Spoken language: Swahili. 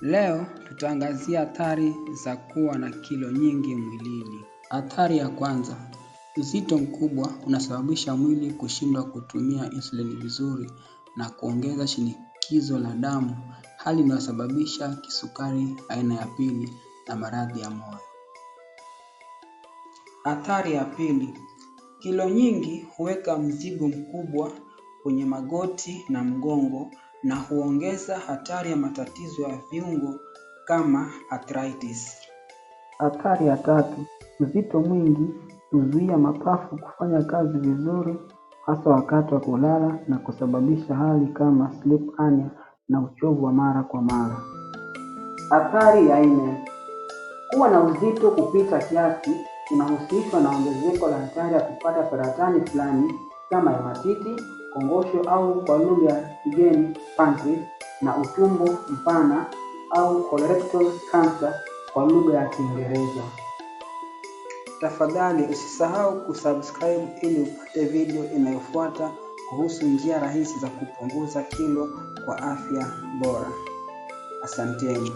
Leo tutaangazia athari za kuwa na kilo nyingi mwilini. Athari ya kwanza, uzito mkubwa unasababisha mwili kushindwa kutumia insulini vizuri na kuongeza shinikizo la damu, hali inayosababisha kisukari aina ya pili na maradhi ya moyo. Athari ya pili, kilo nyingi huweka mzigo mkubwa kwenye magoti na mgongo na huongeza hatari ya matatizo ya viungo kama arthritis. Hatari ya tatu, uzito mwingi huzuia mapafu kufanya kazi vizuri hasa wakati wa kulala na kusababisha hali kama sleep apnea na uchovu wa mara kwa mara. Athari ya nne, kuwa na uzito kupita kiasi kunahusishwa na ongezeko la hatari ya kupata saratani fulani kama hematiti kongosho au kwa lugha ya kigeni pancreas na utumbo mpana au colorectal cancer kwa lugha ya Kiingereza. Tafadhali usisahau kusubscribe ili upate video inayofuata kuhusu njia rahisi za kupunguza kilo kwa afya bora. Asanteni.